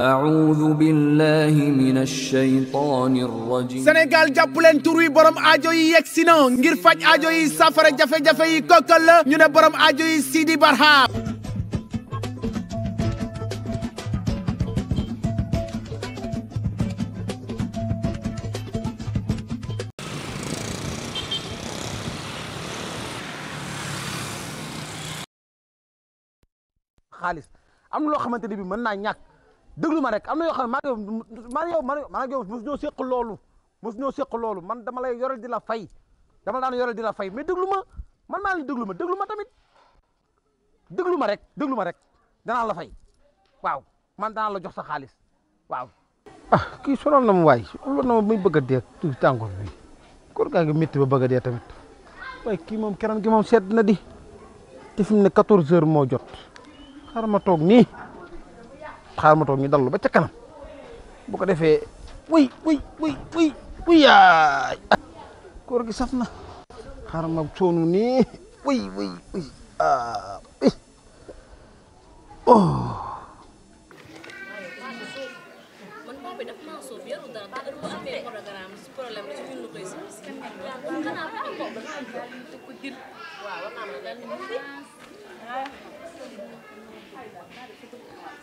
أعوذ بالله من الشيطان الرجيم سنغال جابلن توروي بروم اديو ييكسينا غير فاج اديو سافر جافي جافي كوكل ني نه بروم اديو سيدي برها خالص am lo xamanteni bi mën naa déglu ma rek am na yoo xam ne maa yow man maa yow mosu ñoo seq loolu mosu ñoo seq loolu man dama lay yorel di la fay dama daan yorel di la fay mais déglu ma man maa leen déglu ma déglu ma tamit déglu ma rek déglu ma rek danaa la fay waaw man danaa la jox sa xaalis waaw. ah kii sonal na mu waay sonal na ma muy bëgg a dee tuuti tàngoor bi kóor gaa ngi métti ba bëgg a dee tamit waaye kii moom keroog gi moom sedd na di te fi mu ne 14 heures moo jot xaaral ma toog nii. xaar ma toog ñu dalu ba ca kanam bu ko defé wuy wuy wuy wuy wuy ya koor gi safna na xaar ma soonu wuy wuy wuy ah wuy oh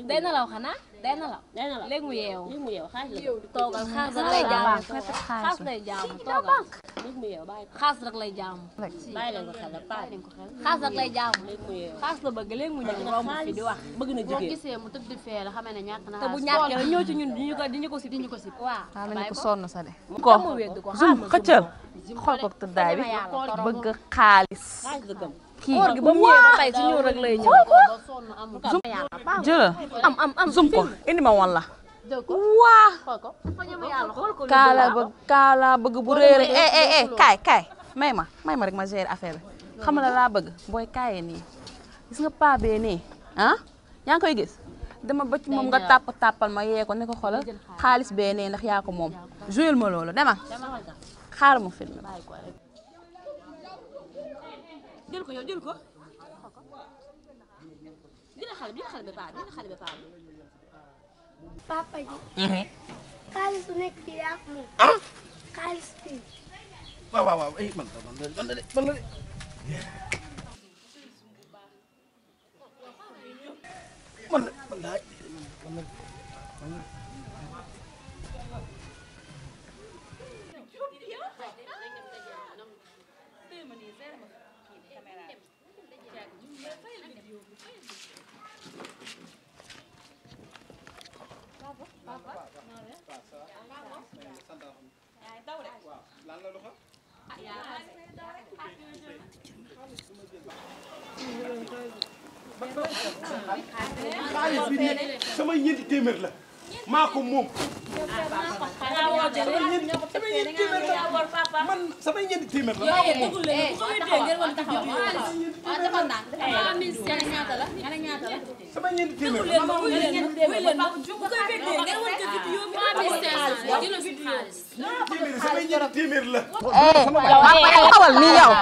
day nalaw xanaa day nalaw. day nalaw léegi mu yeewu léegi mu yeewu xaas la toogal xaas rek lay jaamu xaas lay jaamu léegi mu yeewu bàyyi rek lay jaamu. bàyyi leen ko xel bàyyi leen mu yeewu bëgg léegi mu ñëw di wax bëgg na jigéen mu tëdd fee la xamee ne ñàkk na te bu ñàkkee la ñu ci ñun diñu ko diñu ko si diñu ko si waaw. xam nañu ko sa de. ko zum xëccal xool ko tëddaay bi bëgg xaalis kii ba mu ñëwee am am ko indi ma woon la. waa kaala bëgg kaala bëgg bu réeré eh eh eh kaay may ma may ma rek ma gérer affaire bi la laa bëgg booy kaayee nii gis nga paa bee ah yaa ngi koy gis dama ba ci moom nga tàpp tàppal ma yee ko ne ko xoolal xaalis bee nee ndax moom joué ma loolu dama xaar ma film jël ko yow jël ko dina dina xale ba paa dina xale ba paa papa ji mhm. xaalis bu nekk ci yaa moom ah? xaalis bi waaw waaw waaw eh, man man la de man la man la man la xaalis bi nii sama ñeenti téeméer la maa ko moom. man sama ñeenti téeméer la maa ko moom. sama ñeenti téeméer la maa ko moom. taxawal nii yow.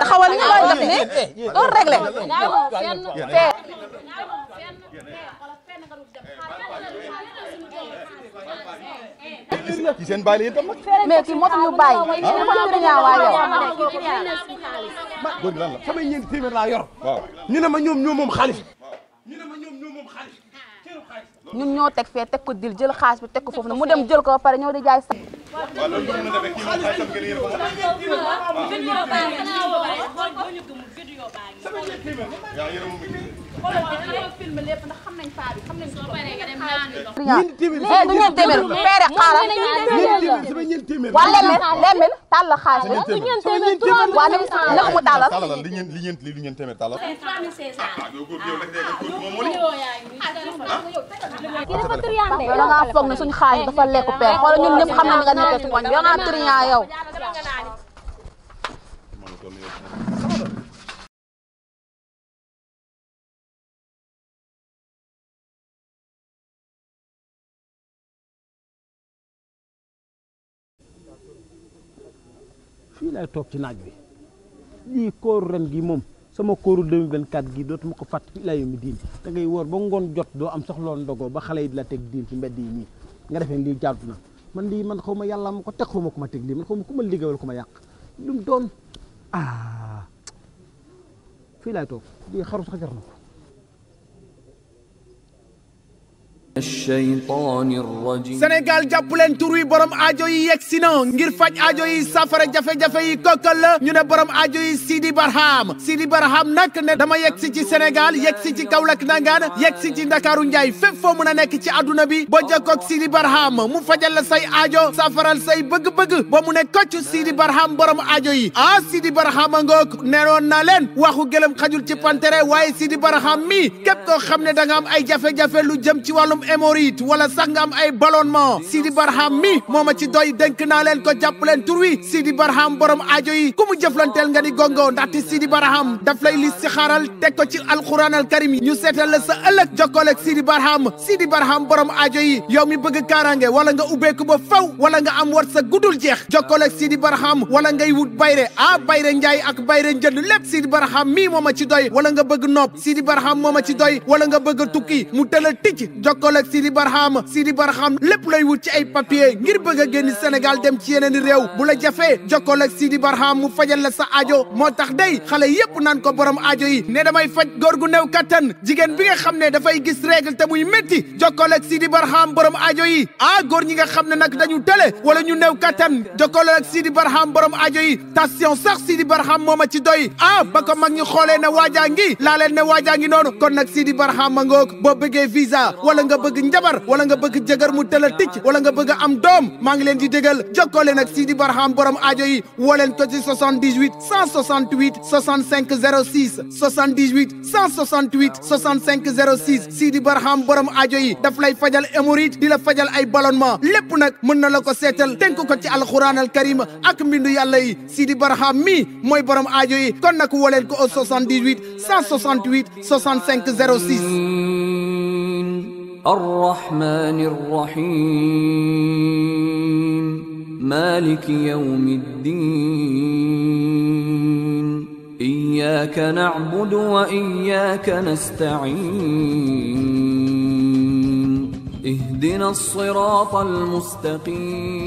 taxawal nii yow. la kii seen baay la yéen tam nag. mais kii motul ñu bàyyi. ah, ah. góor gi la. yor. waaw ñu ne ma ñoom ñoo moom xaalis. ñu ne ma ñoom teg fee teg ko dil jël xaalis bi teg ko foofu na mu dem jël ko ba pare ñëw di jaay sax. waaw loolu ñeenti téeméer du ñeenti téeméer feere xaaral ñeenti téeméer waa lemmel lemmel tàllal xaalis waa li naka mu tàllal li ñeent li ñeent li ñeent téeméer tàllal yow da ngaa foog ne suñu xaalis dafa lekk peer xoolal ñun ñëpp xam ne nga nekkee ci koñ bi yow nga trian yow fii laay toog ci naaj bi lii kóoru ren gi moom sama kooru kóoru 2024 gi dootuma ko fàtt fii laay yombi diin da ngay woor ba ngoon jot doo am soxloon ndogoo ba xale yi di la teg diin ci mbedd yi nii nga defee lii jaadu na man lii man xaw ma yàlla ma ko teg xaw ma ku ma teg lii man xaw ma ku ma liggéeyal ko ma yàq lu mu doon ah fii laay toog lii xaru sax jar na ko Sénégal jàpp leen tur wi borom ajo yi yegg si na ngir faj ajo yi safara jafe-jafe yi kokkal la ñu ne borom ajo yi Sidi Barham Sidi Barham nag ne dama yegg si ci Sénégal yegg si ci Kaolack nangaan yegg si ci Ndakaaru Njaay fépp foo mën a nekk ci àdduna bi boo jokkoog Sidi Barham mu fajal la say ajo safaral say bëgg-bëgg ba mu ne kocc Sidi Barham borom aajo yi ah Sidi Barham nee neewoon naa leen waxu gëlëm xajul ci pantere waaye Sidi Barham mi képp koo xam ne da nga am ay jafe lu jëm ci wàllum hémorroïde wala sangam ay am ay ballonnement Sidi Barham mi moo ma ci doy dénk naa leen ko jàpp leen tur wi Sidi Barham borom aajo yi ku mu jëflanteel nga ni gongo ndaxte Sidi Barham daf lay listixaaral teg ko ci alquran al karim ñu seetal la sa ëllëg jokkool ak Sidi Barham Sidi Barham borom ajo yi yow mi bëgg kaaraange wala nga ubbeeku ba faw wala nga am war sa gudul jeex jokkool ak Sidi Barham wala ngay wut bayre ah bayre njaay ak bayre njënd lépp Sidi Barham mii moo ma ci doy wala nga bëgg nopp Sidi Barham moo ma ci doy wala nga bëgg tukki mu tëla ticc boole ak Sidi Barham Sidi Barham lépp lay wut ci ay papier ngir bëgg a génn Sénégal dem ci yeneen réew bu la jafee jokkool ak Sidi Barham mu fajal la sa aajo moo tax dey xale yépp naan ko borom aajo yi ne damay faj góor gu néew kattan jigéen bi nga xam ne dafay gis règle te muy métti jokkool ak Sidi Barham borom aajo yi ah góor ñi nga xam ne nag dañu tële wala ñu néew kattan jokkool ak Sidi Barham borom aajo yi tension sax Sidi Barham moo ma ci doy a ba mag ñi xoolee ne waajaa ngi laa leen ne waajaa ngi noonu kon nag Sidi Barham ma ngoog boo bëggee visa wala nga bëgg njabar wala nga bëgg jëgër mu tëla ticc wala nga bëgg am doom maa ngi leen di dégal jokkoo leen ak Sidi Barham borom aajo yi woo leen ko ci 78 168 65 06 78 168 65 06 Sidi Barham borom aajo yi daf lay fajal hémorroïde di la fajal ay ballonnement lépp nag mën na la ko seetal tënk ko ci alxuraan al karim ak mbindu yàlla yi Sidi Barham mi mooy borom aajo yi kon nag woo leen ko au 78 168 65 06 الرحمن الرحيم مالك يوم الدين إياك نعبد وإياك نستعين اهدنا الصراط المستقيم